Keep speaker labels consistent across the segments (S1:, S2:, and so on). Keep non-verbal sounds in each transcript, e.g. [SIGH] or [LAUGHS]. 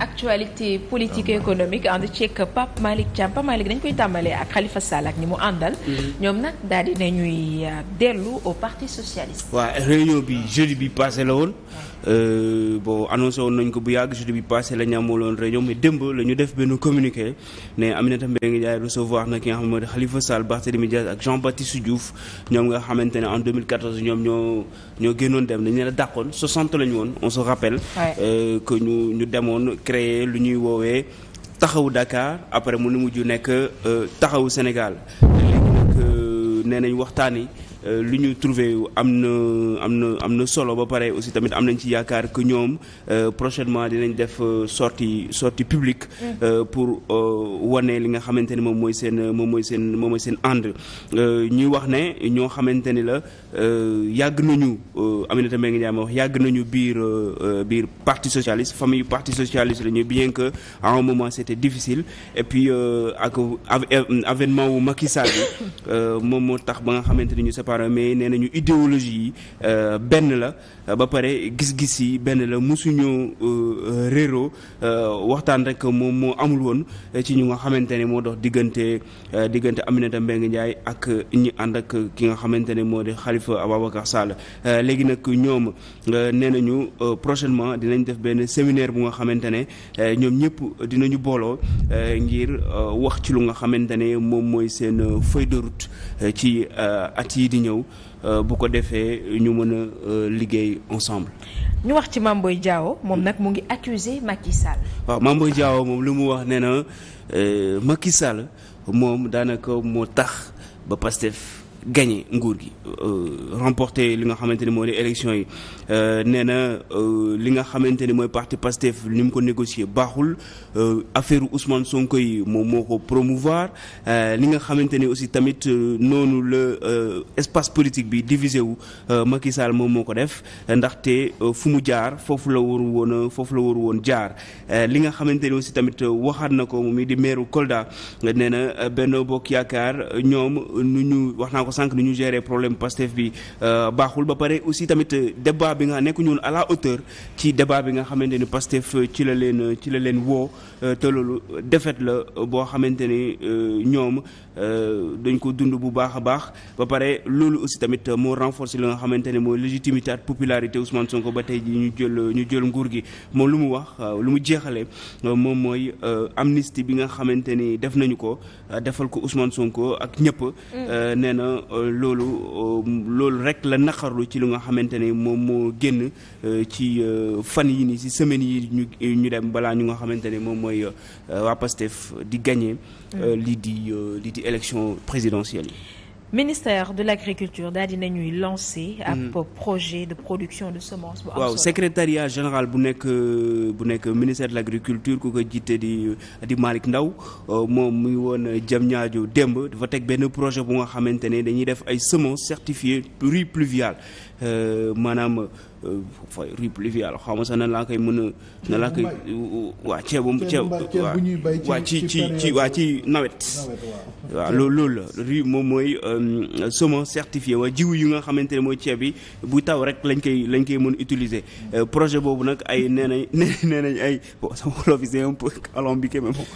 S1: actualité politique économique en ceeg Pape Malick Thiam Pape Malick dañ koy tàmbalee ak Khalifa Sall ak ñi mu àndal. Mhm. ñoom nag daal di nañuy euh, dellu au parti socialiste. waaw
S2: réunion bi jeudi bi passé la woon. Euh, bon annoncé woon nañ ko bu yàgg jeudi bi passé la ñu amaloon réunion mais démb la ñu def benn communiqué ne Aminata Mbengue Ndiaye recevoir na ki nga xam ne mooy Khalifa Sall Barthélémy Dias ak Jean-Baptiste Diouf ñoom nga xamante ne en 2014 ñoom ñoo ñoo génnoon dem dañu la dàqoon 60 la ñu woon on se rappelle. Euh, que ñu ñu demoon créer lu ñuy woowee taxawu Dakar après mu nu mujj nekk euh, taxawu Sénégal léegi nag nee nañu waxtaan yi Euh, lu ñu trouvé am na am na am na solo ba pare aussi tamit am nañ ci yaakaar que ñoom euh, prochainement dinañ def sorti euh, sorti publique mm. pour wane li nga xamante ne moom mooy seen moom mooy seen moom seen ànd ñuy wax ne ñoo xamante ni la yàgg nañu Aminata Mbengue Ndiaye ma wax yàgg nañu biir biir parti socialiste famille parti socialiste lañu bien que en un moment c'était difficile et puis ak avènement wu Macky Sall [COUGHS] moom moo tax ba nga xamante ñu mais nee nañu idéologie yi euh, benn la ba pare gis-gis yi benn la mosuñoo euh, réeroo euh, waxtaan rek moom moo amul woon ci ñu nga xamante ne moo dox diggante euh, diggante Aminata Mbengue Ndiaye ak ñi ànd ak ki nga xamante ne moo di Khalifa Ababacar Sall léegi nag ñoom nee nañu prochainement dinañ def benn séminaire bu nga xamante ne ñoom ñëpp ñu booloo ngir wax ci lu nga xamante ne moom mooy seen feuille de route ci at yi di ñëw Euh, bu ko defee ñu mën a euh, liggéey ensemble.
S1: ñu wax ci Mame Boye Diao moom nag mu ngi accuser Macky Sall.
S2: waaw Mame Boye Diao moom lu mu wax nee na euh, Macky Sall moom daanaka moo tax ba Pastef gagné nguur gi euh, remporté li nga xamante ni moo di élection yi euh, nee na euh, li nga xamante ni mooy parti Pastef ni mu ko négocier baaxul affaire Ousmane Sonko yi moom moo ko promouvoir li nga xamante ni aussi tamit noonu la espace politique bi divisé wu Macky Sall moom moo ko def ndaxte fu mu jaar foofu la waru woon foofu la waru woon jaar li nga xamante ni aussi tamit waxaat na ko moom di meeru Kolda nee na Benno Bokk Yaakaar ñoom nu ñu wax naa ko sànq ni ñu gérer problème Pastef bi euh, baaxul ba pare aussi tamit euh, débat bi nga nekk ñun à la hauteur ci débat bi nga xamante ni Pastef euh, ci la leen ci la leen woo te loolu défaite la boo xamante ni ñoom dañ ko dund bu baax a baax ba pare loolu aussi tamit moo renforcer la nga xamante ne mooy légitimité ak popularité Ousmane Sonko ba tey ñu jël ñu jël nguur gi moom lu mu wax lu mu jeexalee moom mooy amnistie bi nga xamante ni def nañu ko defal ko Ousmane Sonko ak ñëpp mm. nee na loolu euh, loolu rek la naqarlu ci lu nga xamante ne moom moo génn euh, ci euh, fan yi nii si semaines yi ñu ñu dem balaa ñu nga xamante ne moom mooy waa Pastef di gagné. Mm. lii di lii di élection présidentielle yi.
S1: ministère de l'agriculture daal dina ñuy lancer. ab mm. projet de production de semence. bu am solo waaw
S2: secrétariat général bu nekk bu nekk ministère de l'agriculture ku ko jiite di di Malick Ndaw euh, moom muy woon jam ñaajo démb dafa teg benn projet bu nga xamante ne dañuy def ay semence semences certifiées pluripluviales euh, maanaam. Euh, fay riz pluvial xaw ma sax na laa koy mën a. nan laa koy waa ceebu ceeb
S3: waa ci ci ci waa
S2: ci nawet. waaw loolu loolu la riz moom mooy euh, semence certifiée waa jiw yi nga xamante ne mooy ceeb bi bu taw rek lañ koy lañ koy mën utiliser. Euh, projet boobu nag ay [LAUGHS] nee nañ nee nañ ay bon sama wolof bi c'est un peu alambiqué mais bon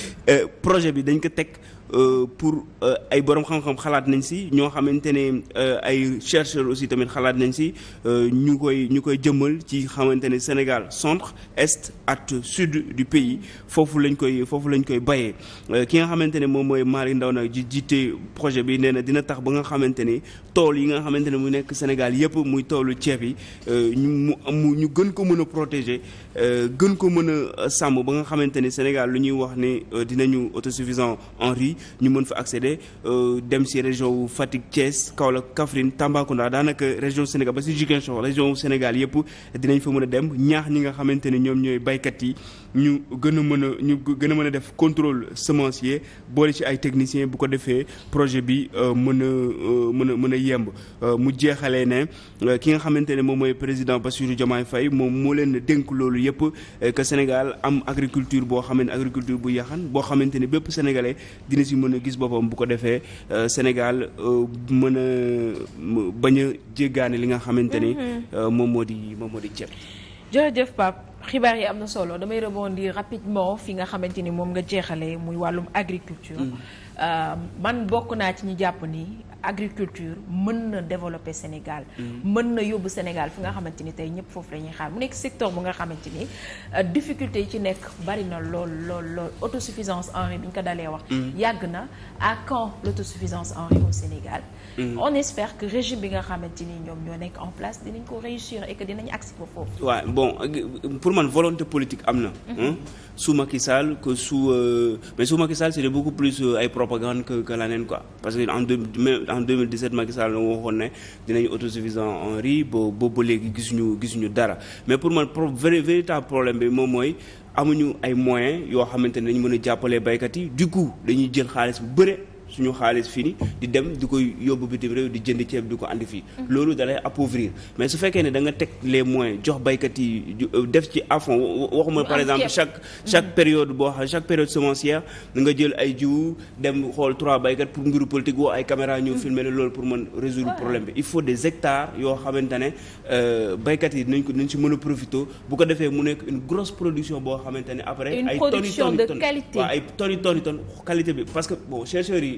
S2: [LAUGHS] projet bi dañ ko teg. Euh, pour euh, ay borom xam-xam xalaat nañ si ñoo xamante ne euh, ay chercheurs aussi tamit xalaat nañ si ñu koy ñu koy jëmmal ci xamante ne Sénégal centre est ak sud du pays foofu lañ koy foofu lañ koy bayee ki nga xamante ne moom mooy Malick Ndao nag ji jiite projet bi nee na dina tax ba nga xamante ne tool yi nga xamante ne mu nekk Sénégal yëpp muy toolu ceeb yi ñu mu ñu gën ko mën a protéger gën ko mën a sàmm ba nga xamante ne Sénégal lu ñuy wax ni dinañu auto en ñu mën fa accéder euh, dem si région wu Fatick Thiès Kaolack Kaffrine Tambacounda daanaka région Sénégal ba si Ziguinchor région Sénégal yëpp dinañ fa mën a dem ñaax ñi nga xamante ne ñoom ñooy baykat yi ñu gën a mën a ñu gën a mën a def contrôle semencier boole ci ay technicien bu ko defee projet bi euh, mën a euh, mën a mën a yemb euh, mu jeexalee ne ki nga xamante ne moom mooy président Bassirou Diomaye Faye moom moo leen dénk loolu yëpp que Sénégal am agriculture boo xamante agriculture bu yaxan boo xamante ne bépp sénégalais dina si mën a gis boppam bu ko defee Sénégal mën a bañ a li nga xamante ni mm-hmm. moom moo di moom moo di ceeb
S1: xibaar yi am na solo damay rebondir rapidement fi nga xamante ni moom nga jeexale muy wàllum agriculture. Mm. Euh, man bokk naa ci ñu jàpp ni agriculture mën na développer Sénégal. Mm-hmm. mën na yóbbu Sénégal fi nga xamante ni tey ñëpp foofu lañuy ñuy xaar mu nekk secteur bu nga xamante ni euh, difficulté yi ci nekk bari na lool lool lool autosuffisance en riz bi ñu ko dalee wax. Mm-hmm. yàgg na à quand l'autosuffisance en riz au Sénégal. Mm-hmm. on espère que régime bi nga xamante ni ñoom ñoo nekk en place dinañ ko réussir et que dinañ agsi ba foofu.
S2: waaw bon pour man volonté politique am na. su Macky Sall propagande que que leneen quoi parce que en deux en 2017 Macky Sall la waxoon ne dinañu autosuffisant en riz ba ba léegi gisuñu gisuñu dara mais pour man pro véritable problème bi moom mooy amuñu ay moyens yoo xamante ne dañu mën a jàppale baykat yi du coup dañuy jël xaalis bu bëre. suñu xaalis fii di dem di koy yóbbu bitim réew di jënd ceeb di ko andi fii. Mhm. loolu da lay appauvrir mais su fekkee ne da nga teg les moyens jox baykat yi euh, def ci à fond waxuma par exemple chaque mhm. chaque période boo xam chaque période semencière nga jël ay jiwu dem xool trois baykat pour mbiru politique woo ay caméra ñëw mhm. filmer la loolu pour mën résoudre problème bi il faut des hectares yoo xamante euh, baykat yi dinañ ko dinañ si mën a profité bu ko defee mu nekk une grosse production boo xamante ne après. ay tonnes yu tonnes que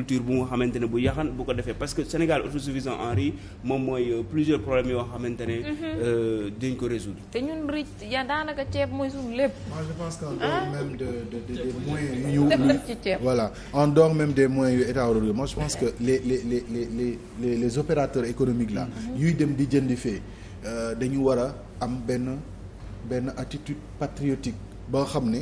S2: agriculture bu nga xamante ne bu yaxan bu ko defee parce que Sénégal autosuffisant en riz moom mooy euh, plusieurs problèmes yoo xamante ne. Mhm. Euh, dañ ko résoudre.
S1: te ñun riz ya daanaka ceeb mooy suñu lépp. moi je pense que
S3: ah. yu. voilà en dehors même des moyens yu état waroon moi je pense que les les les les les les opérateurs économiques là. Mhm. yuy dem di jëndi fee euh, dañu war a am benn benn attitude patriotique ba xam ne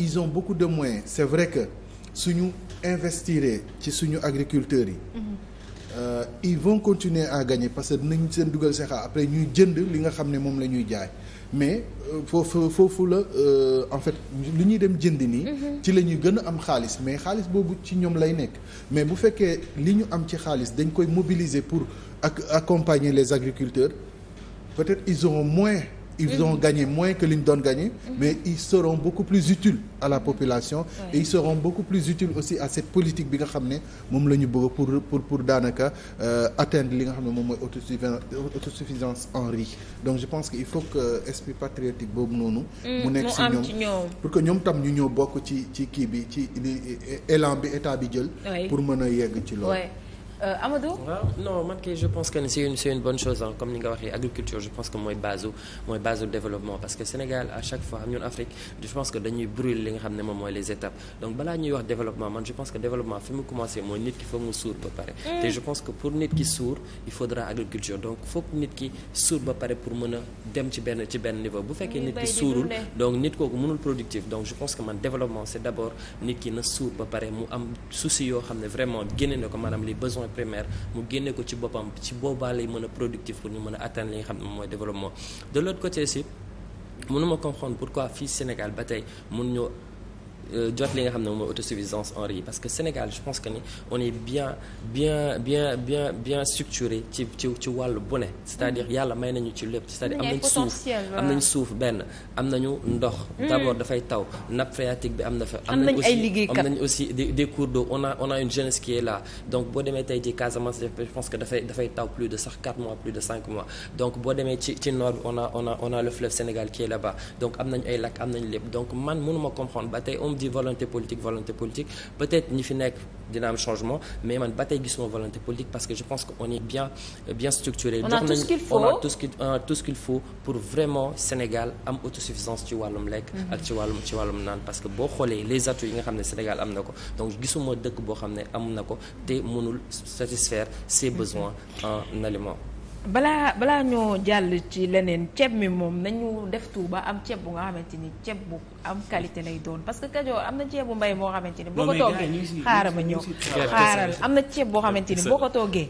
S3: ils ont beaucoup de moyens c'est vrai que suñu. investiree ci suñu agriculteurs yi. Euh, ils vont continuer à gagner parce que dinañ seen dugal seen après ñuy jënd li nga xam ne moom la ñuy jaay mais euh, foofu foofu la euh, en fait li ñuy dem jënd nii. Mm-hmm. ci la ñuy gën a am xaalis mais xaalis boobu ci ñoom lay nekk mais bu fekkee li ñu am ci xaalis dañ koy mobiliser pour ak accompagner les agriculteurs peut-être ils auront moins. ils ont mm. gagné moins que li ñu doon gagné mm. mais ils seront beaucoup plus utiles à la population et ils seront beaucoup plus utiles aussi à cette politique bi nga xam ne moom la ñu bëgg pour pour pour daanaka euh, atteindre li nga xam ne moom mooy autosuffisance en riz donc je pense que il faut que euh, esprit patriotique boobu noonu mu mm, nekk si ñoom pour que ñoom tam ñu ñëw bokk ci ci kii bi ci élan bi état bi jël pour mën a yegg ci loolu waaw euh,
S4: non man kay je pense que ni c'est une bonne chose ah comme ni nga waxee agriculture je pense que mooy base mooy base développement parce que Sénégal à chaque fois ñun Afrique je pense que dañuy brûler li nga xam ne moom mooy les étapes donc balaa ñuy wax développement man je pense que développement fi mu commencé mooy nit ki foog mu suur ba pare. Mm. te je pense que pour nit ki suur il faudra agriculture donc foog nit ki suur ba pare pour mën a dem ci benn primaire mu génne ko ci boppam ci boobaa lay mën a productif pour ñu mën a atteindre li nga xam ne moom mooy développement de l'autre côté si mënuma comprendre pourquoi fii Sénégal ba tey mën ñoo jot li nga xam ne mooy autosuffisance en riz parce que Sénégal je pense que ni on est bien bien bien bien bien structuré ci ci ci wàllu bu ne c'est-à-dire mm. yàlla may nañu ci lépp cest a dire am nañ suuf am nañ suuf benn am nañu ndox mm. d'abord dafay taw nappe phréatique bi fa am nañ aussi am nañ aussi on a on a une jeunesse qui donc boo demee tey ci Casamance je pense que dafay dafay taw plus de sax 4 mois plus de 5 mois donc boo demee ci ci nord bi on a on a on a le fleuve Sénégal qui est là-bas donc am nañ ay lac am nañ lépp donc man mënuma comprendre ba tey dit volonté politique volonté politique peut-être ñi fi nekk dina am changement mais man ba gisuma volonté politique parce que je pense que on est bien euh, structuré. tout ce qu'il faut pour vraiment Sénégal am autosuffisance ci wàllum lekk. Mhm. ak ci wàllum ci wàllum naan parce que boo xoolee les atouts yi nga xam ne Sénégal am na ko donc gisuma dëkk boo xam ne am na ko te mënul satisfaire ses mhm. besoins en aliment.
S1: balaa balaa ñoo jàll ci leneen ceeb mi moom nañu def Touba am ceeb bu nga xamante ni ceeb bu am qualité lay doon parce que Kajoor am na ceebu mbay moo xamante ni boo ko toggee xaaral ma ñëw xaaral am na ceeb boo xamante ni boo ko toggee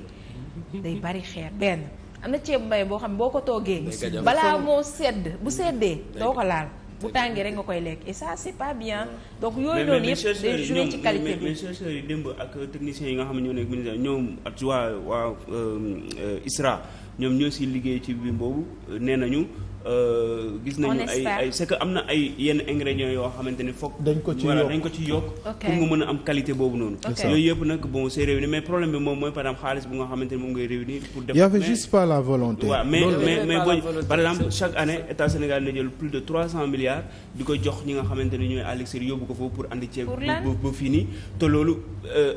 S1: day bari xeer benn am na ceeb mbay boo xam boo ko
S2: toggee balaa moo
S1: sedd bu seddee doo ko laal bu tàngee rek nga koy lekk et ça c'est pas bien. donc yooyu noonu yëpp day jouer ci qualité bi mais
S2: chercheurs yi démb ak techniciens yi nga xam ne ñoo nekk ministère ñoom ak waa waa euh, euh, ISRA ñoom ñoo si liggéey ci bi boobu euh, nee nañu. Euh, gis nañu ay ay na ay yenn ingrédients yoo xamante ne foog. dañ ko ci ko ci yokk. pour am qualité boobu noonu. yooyu yëpp nag bon c'est réuni mais problème bi moom mooy par exemple xaalis bu nga xamante ne moom ngay réunir. pour def y avait juste
S3: pas la volonté. waaw mais mais mais
S2: boo par exemple chaque année état Sénégal na jël plus de 300 milliards di ko jox ñi nga xamante ne ñooy à l'extérieur yóbbu ko foofu pour andi ceeb. ba fii nii te loolu euh,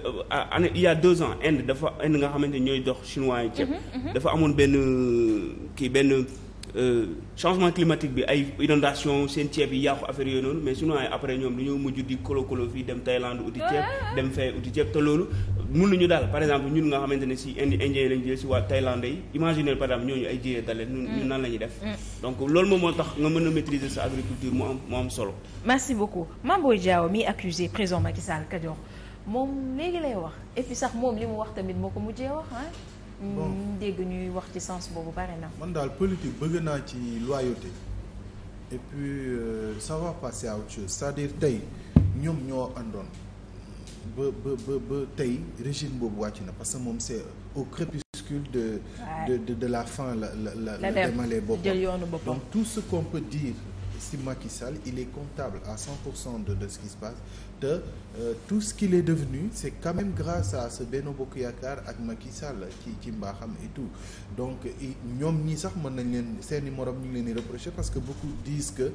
S2: il y a deux ans Inde dafa Inde nga xamante ne ñooy jox chinois yi ceeb. Mhm, mhm. dafa amoon benn kii benn. Euh, changement climatique bi ay inondation seen ceeb yi yàqu affaire yooyu noonu mais sinon ay après ñoom dañoo mujj di kolo kolo fii dem Thaïlande uti ceeb dem fee uti ceeb te loolu mënuñu daal par exemple ñun nga xamante ne si indi indien lañu jël si waa Thaïlande yi imaginer par exemple ñooñu ay jiyee dalee ñun mm. nan la ñuy def mm. donc loolu moom moo tax nga mën a maîtriser sa agriculture mu am mu am solo merci
S1: beaucoup Mame Boye Diao mi accusé président Macky Sall Kajoor moom léegi sax moom li mu wax tamit moo bon mm, dégg ñuy wax ci sens boobu bari na. man
S3: daal politique bëgg naa ci loyauté et puis euh, ça va passer à tey ñoom ñoo andoon ba ba ba tey régime boobu wàcc na parce que moom c'est au crépuscule de. de de de la fin la la la. la demalee boppam donc tout ce qu'on peut dire. si Macky Sall il est comptable à 100% de de ce qui se passe te euh, tout ce qu'il est devenu c'est quand même grâce à ce Benno Bokk Yaakaar ak Macky Sall ci ci mbaaxam et tout donc ñoom ñii sax mën nañ leen seeni morom ñu ngi leen di reprocher parce que beaucoup disent que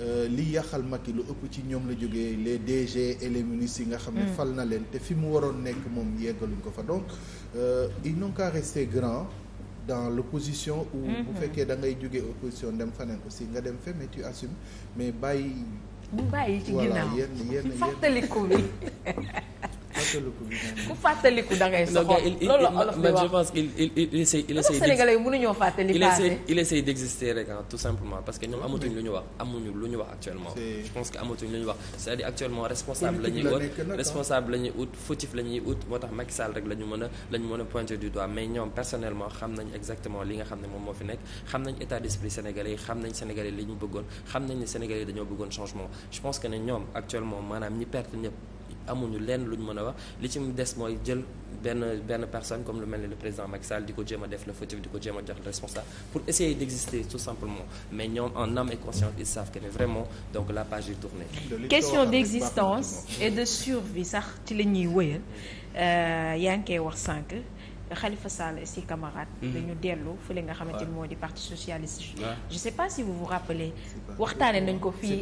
S3: euh, li yàqal Macky lu ëpp ci ñoom la jógee les DG et les ministres yi nga xam ne mm. fal na leen te fi mu waroon nekk moom yeggaluñ ko fa donc euh, ils n'ont qu'à rester grands dans l'opposition ou bu mhm. fekkee da ngay jógee opposition dem faneen aussi nga dem fe mais tu assumes mais bàyyi bu
S1: bàyyi ci ginnaaw voilà
S3: yenn yenn
S1: yenn
S3: [LAUGHS] ku
S1: fàttaliku da ngay soxla loolu olof bi wax je
S4: pense il il il essaie il essaie. Sénégalais yi rek ah tout simplement parce que ñoom amatuñ lu ñu wax amuñu lu ñu wax actuellement. je pense que amatuñ lu ñu wax c'est-à-dire actuellement responsable la ut fautif la ut moo tax Macky Sall rek la ñu mën a la du doigt mais ñoom personnellement xam nañ exactement li nga xam ne moom moo fi nekk xam nañ état d'esprit sénégalais yi xam nañ sénégalais li ñu bëggoon xam nañ amuñu lenn luñ mën a wax li ci des mooy jël benn benn personne comme lu mel ni le président Macky Sall di ko jéem a def le fautif di ko jéem a jox le responsable pour essayer d'exister tout simplement mais ñoom en âme et conscience ils savent que ne vraiment donc la page est tournée.
S1: question d'existence et de survie sax ci la ñuy wëyal euh, yaa ngi koy wax sànq. Euh, Khalifa Sall et ses camarades. Mhm. dañu dellu fële nga xamante ni moo di parti socialiste. je sais pas si vous vous rappelez. waxtaanee nañ ko fii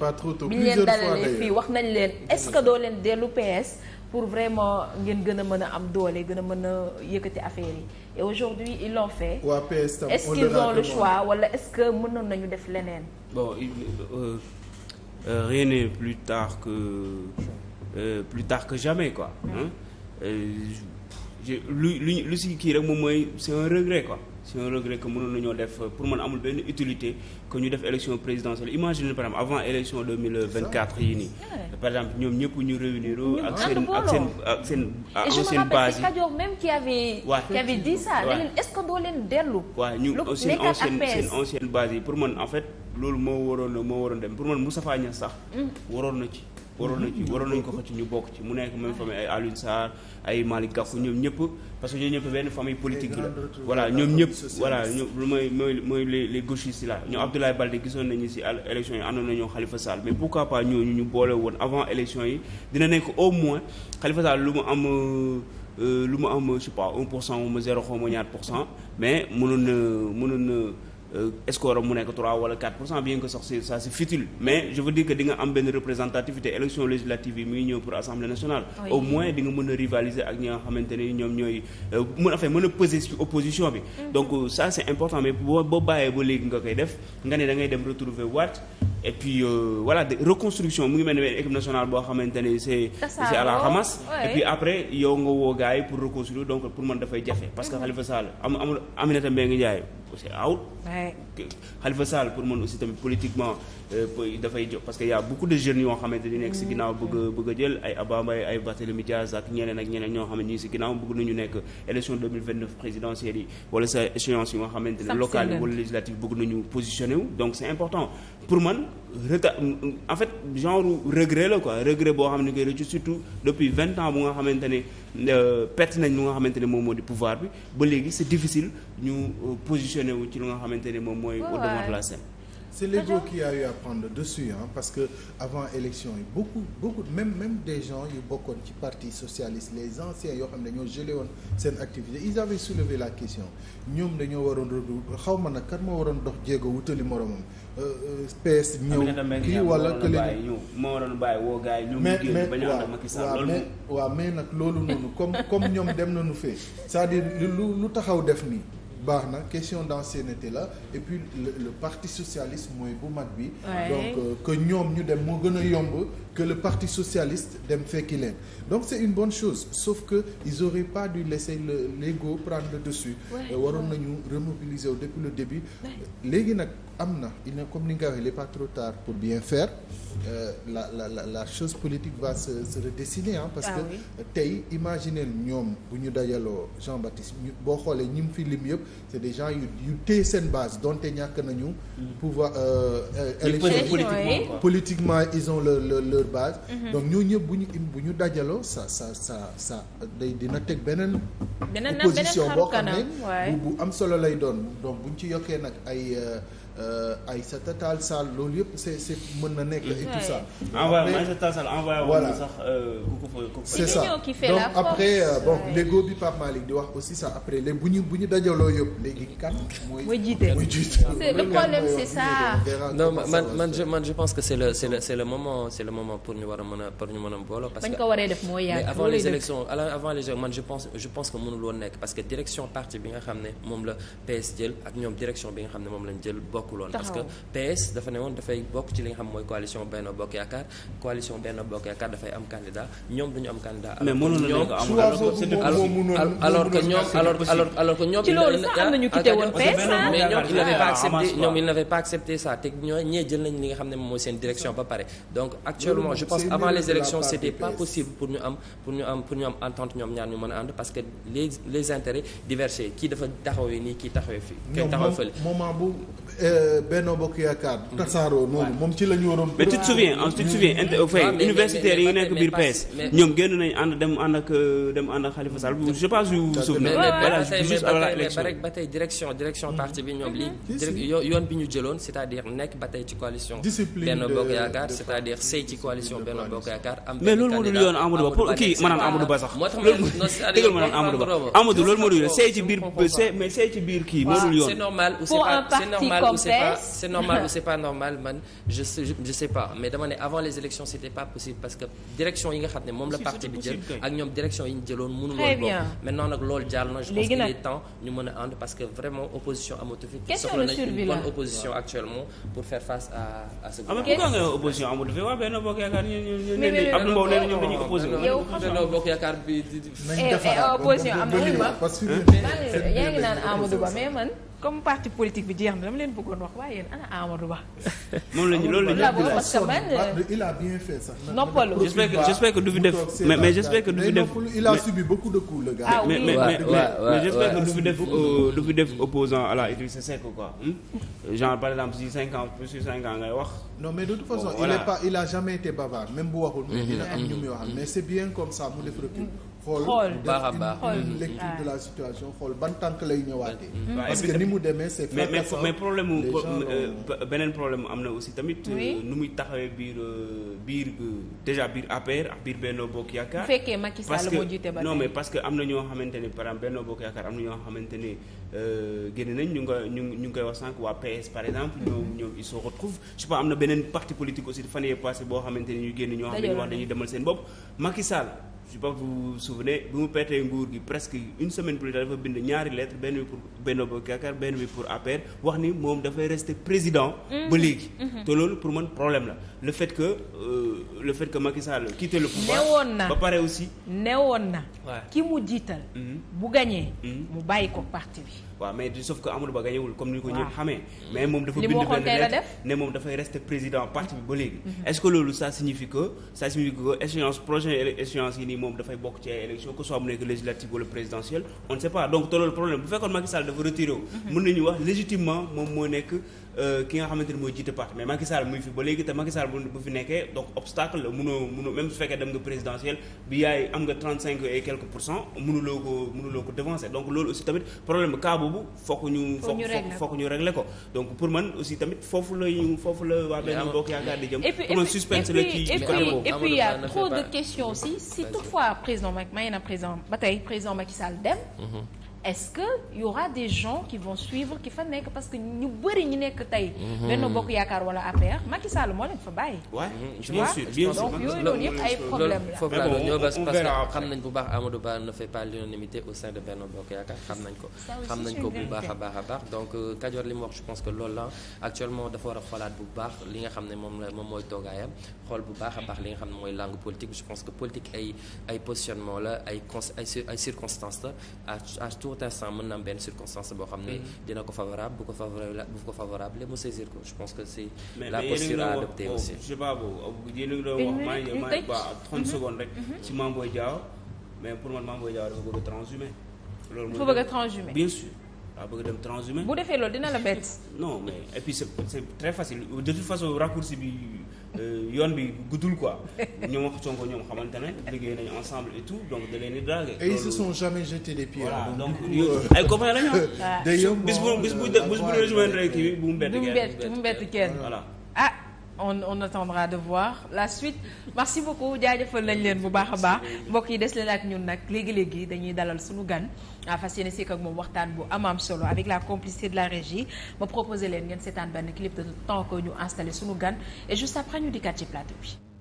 S1: bi ñu leen dalalee fii wax nañ leen est-ce que doo leen dellu PS. pour vraiment ngeen gën a mën a am doole gën a mën a yëkkati affaire yi et aujourd'hui ils l'ont fait.
S3: waa PS
S2: tam est-ce qu'ils ont choix
S1: wala est-ce que mënoon nañu def leneen.
S2: bon euh, euh, euh, rien n'est plus tard que euh, plus tard que jamais quoi. je lu lu lu si kii rek moom mooy c'est un regret quoi c'est un regret que mënoon nañoo def pour man amul benn utilité que ñu def élection présidentielle imagine par exemple avant élection 2024 yi nii par exemple ñoom ñëpp ñu réunir ak seen ak seen ak seen ancienne yi
S1: Kajoor même qui avait waaw qui avait dit ñu seen ancienne
S2: seen ancienne base yi pour man en fait loolu moo waroon moo waroon dem pour man Moustapha Niasse sax mm. waroon na ci waroon nañ ci ko xëcc ñu bokk ci mu nekk même famille ay Alioune Sarr ay Malick Gakou ñoom ñëpp parce que ñoom ñëpp benn famille politique la voilà ñoom ñëpp voilà ñoom lu mooy mooy mooy les les gauchistes là ñoom Abdoulaye Baldé gisoon nañu si élection yi àndoon nañoo Khalifa Sall mais pourquoi pas ñooñu ñu boole woon avant élection yi dina nekk au moins Khalifa Sall lu mu am euh, lu mu am je pas 1 pour cent moom zéro xaw ma ñaar pour cent mais mënoon na mënoon na Euh, score am mu nekk 3 wala 4 pour cent bien que sax c'est ça c'est futile mais je veux dire que di nga am benn représentativité élection législative yi muy ñëw pour assemblée nationale au moins di mën a rivaliser ak ñi nga xamante ne ñoom ñooy euh, mën a peser ci opposition bi mm-hmm. donc euh, ça c'est important mais boo boo bàyyee ba léegi nga koy def nga ne da ngay dem retrouver waat et puis euh, de reconstruction mu ngi mel ni nationale boo xamante ni c'est c'est à la ramasse ouais. et puis après yow nga woo pour reconstruire donc pour man dafay jafe parce que mhm. Khalifa Sall am amul Aminata Mbengue Ndiaye c'est out Khalifa Sall pour man aussi tamit politiquement euh, dafay jo parce que y a beaucoup de jeunes yoo xamante ni nekk si mhm. ginnaaw bëgg a bëgg a jël ay ñoo xam ne ñii si ginnaaw bëgg nañu nekk élection 2029 présidentielle yi wala sa échéance yi nga xamante ne locale yi wala législative bëgg nañu positionné wu donc pour man reta en fait genre regret la quoi regret boo xam ne koy rëccu surtout depuis vingt ans bu nga xamante ne euh, perte nañ lu nga xamante ne moom moo di pouvoir bi ba léegi c'est difficile ñu euh, positionner wu ci lu nga xamante ne moom mooy au devant de la scène
S3: c'est l'ego qui a eu parce que avant élection yi beaucoup beaucoup même même des gens yu bokkoon ci parti socialiste les yoo xam ne dañoo gelé woon seen activité ils avaient la question ñoom dañoo waroon redu xaw ma nag kan moo waroon
S2: dox jéego wutali moromam
S3: pes ñëw kii wala kële ñëw
S2: moo waroon bàyyi woo gars yi ñoom ñu génn ba ñu ànd ak Macky mais
S3: waaw mais nag loolu noonu comme comme ñoom dem nañu fee c'est-à-dire lu lu taxaw def nii baax na question d'ancienneté la et puis le, le parti socialiste mooy bu mag bi donc euh, que ñoom ñu dem moo gën a yomb que le parti socialiste dem fekki leen donc c'est une bonne chose sauf que ils auraient pas dû laisser le l'ego prendre le dessus waroon nañu remobiliser depuis le début léegi nag am na il na comme ni nga waxee il n'est pas trop tard pour bien faire euh, la la la la chose politique va se se redessiner ah parce ah, que oui. tey imaginer ñoom bu ñu dajaloo Jean-Baptiste boo xoolee ñi mu fi lim yëpp c'est des gens yu yu seen base donte ñàkk nañu mm. pouvoir euh, euh, politiquement ils ont le leur base. Mhm. donc ñooñu ñëpp bu ñu bu ñu dajaloo sa sa sa ça day dina teg beneen.
S1: beneen position boo xam ne
S3: bu am solo lay doon donc bu ñu ci yokkee nag ay. Euh, Euh, Aïssata Tall Sall loolu yëpp c'est c'est mën na nekk et tout ça. envoyé Aïssata Tall Sall envoyé woon sax euh, ku ko ku ko. c'est ça donc après euh, bon léego bi Pape Malick di wax aussi ça après léegi bu ñu bu ñu dajaloo yëpp léegi kan. mooy jiite mooy jiite. le problème c'est ça.
S4: non man man je man je pense que c'est le c'est le c'est le moment c'est le moment pour ñu war a mën a pour ñu mën a booloo. parce que bañ ko waree def mooy yaatu. mais avant les élections avant les man je pense je pense que mënul woon nekk parce que direction parti bi nga xam ne moom la PS jël ak ñoom direction bi nga xam ne moom lañ jël bokk bokkuloon parce que PS dafa ne woon dafay bokk ci li nga xam mooy coalition Benno na ko am alors que ñoo ñee nañ li nga xam ne moom mooy seen direction ba pare donc actuellement je pense avant les élections c'était pas possible pour ñu am pour ñu am pour ñu am ñaar ñu mën a ànd parce que les les intérêts divergent kii dafa taxawee nii kii taxawee fii kii taxawee fële
S3: Benno Bokk Yaakaar. tasaaroo noonu moom ci la ñu waroon. mais tu te souviens tu te souviens
S2: fay universitaires yi nekk biir PS ñoom génn nañu ànd dem ànd ak euh, dem ànd ak Khalifa Sall je pense que vous vous souvenez. voilà juste à la élection mais
S4: ba tey direction direction mm. parti bi ñoom lii. Mm-hmm. yoon bi ñu jëloon c'est-à-dire nekk ba tey ci coalition. discipline Benno Bokk Yaakaar c'est-à-dire sëy ci coalition Benno Bokk Yaakaar. am benn candidat mais loolu moo dul yoon Amadou Ba pour kii maanaam Amadou Ba sax. moo tax ma naan Amadou Ba Amadou loolu moo dul yoon sëy ci biir
S2: sëy mais sëy ci biir kii moo dul yoon. c'est normal c'est normal c'est pas c'est normal ou
S4: c'est pas normal je sais pas mais dama ne avant les élections c'était pas possible parce que direction yi nga xam ne moom la parti bi jël ak ñoom direction yi ñu jëloon mënu woon bokk maintenant nag loolu jàll na je pense qu'il est temps ñu mën a parce que vraiment opposition amatu fi soxla nañ une actuellement pour faire face à ce gouvernement opposition amatu fi waa benn bokk
S2: opposition am na ma
S1: yaa comme parti politique bi jeex na dama leen bëggoon wax waaye yéen ana Amadou
S2: [LAUGHS] la ñu loolu la
S3: il a bien fait sax. Euh, noppalu j'espère que j'espère que du fi def mais mais j'espère que du fi def. il a subi beaucoup de coups le gars. Ah mais mais mais j'espère que du def euh,
S2: du fi def opposant à la Idrissa Seck quoi. Hmm? genre par exemple wax. non mais de
S3: a jamais été bavard même bu waxul. mais dina am comme ça def xool baax a baax une mm-hmm. lecture de la situation xool ban tànk lay ñëwaatee. Mm-hmm. Mm-hmm. parce que ni mu demee c'est mais mais problème mu euh, euh,
S2: beneen problème am na aussi tamit. Euh, nu muy taxawee biir biir déjà biir APR ak biir Benno Bokk Yaakaar. bu
S1: fekkee Macky Sall moo jiite ba non mais parce
S2: que am na ñoo xamante ne par exemple Benno Bokk Yaakaar am na ñoo xamante ne génn nañ ñu ngi koy ñu ngi koy wax sànq waa PS par exemple. ñoom ñoom ils se retrouvent je sais pas am na beneen parti politique ne ñu génn ñoo ñu wax dañuy demal seen bopp Macky Sall. je pense que vous vous bi mu peetee nguur gi presque une semaine plus tard dafa bind ñaari lettre benn bi pour Benno Bokk benn bi pour APR wax ni moom dafay rester président. ba mhm. léegi. Mhm. te loolu pour man problème la le fait que euh, le fait que Macky Sall quitte le pouvoir. newoon na ba pare aussi.
S1: ne woon na. ki mu jiital.
S2: Mhm. bu gañee mu
S1: bàyyi ko parti bi.
S2: waaw mais sauf que Amadou Ba gañewul comme ni ko ñëpp xamee mais moom dafa bind benn lettre ne moom dafay rester président parti bi ba léegi mhm. est-ce que loolu ça signifie que ça signifie que échéance yi nii moom dafay bokk ci ay élection que soit mu nekk législative wala présidentielle on ne pas donc te problème bu fekkoon Macky dafa retiré wu mhm. nañu wax légitimement moom moo nekk Euh, ki nga xamante ni mooy jiite parti mais Macky Sall muy fi ba léegi te Macky Sall bu fi nekkee donc obstacle la munoo munoo même su fekkee dem nga présidentielle bi yaay am nga trente cinq et quelques pour cent munuloo ko munuloo ko devancer donc loolu aussi tamit problème cas boobu fokk ñu. fokk ñu fokk ñu ko donc pour man aussi tamit foofu la ñu foofu la waa benn mbokk yaakaar di jëm. pour man suspense la ci puis y' a trop de questions
S1: aussi si toutefois président ba tey président est-ce que y aura des gens qui vont suivre ki fa nekk parce que ñu bëri ñu nekk tey. Mhm. Benno Bokk Yaakaar wala APR Macky Sall moo leen fa bàyyi. waaw bien sûr bien sûr
S4: xam nañ bu baax Amadou Ba ne fait pas l'unanimité au sein ko. xam nañ ko bu baax a a baax donc euh, Kajoor li mu wax je pense a xoolaat bu baax nga xam ne moom moom mooy toogaayam xool bu baax a baax li nga xam ne mooy langue politique je pense que politique ay ay positionnement la ay cons la tout instant mën na am benn circonstance boo xam ne mm. dina ko favorable bu ko
S2: favorable bu ko saisir ko je pense que c'est la posture à adopter oh, aussi je sais pas boobu oh, yéen a mm-hmm. mm-hmm. pour man Mame Boye Diao dafa bëgg a transhumé loolu dafa a daa bëgg dem transhumé. bu defee loolu dina la bett. non mais et puis c'est c'est très facile de toute façon raccourci bi euh, yoon bi gudul quoi ñoom ak Sonko ñoom xamante ne liggéey nañu ensemble et tout donc da leen di draguer. et ils se sont
S3: jamais jetés
S2: des donc euh, ay copains la ñu [LAUGHS] bis bu bis bu bis bu bu mu bett. kenn voilà.
S1: on on attendra de voir la suite merci beaucoup jaajëfal nañ leen bu baax a baax mbokk yi des leen ak ñun nag léegi léegi dañuy dalal suñu gan fas yéene si ak moom waxtaan bu amaam solo avec la complicité de la régie ma proposé leen ngeen
S2: seetaan benn clip de temps que ñu installé suñu gan et juste après ñu dikkaat ci plateau bi.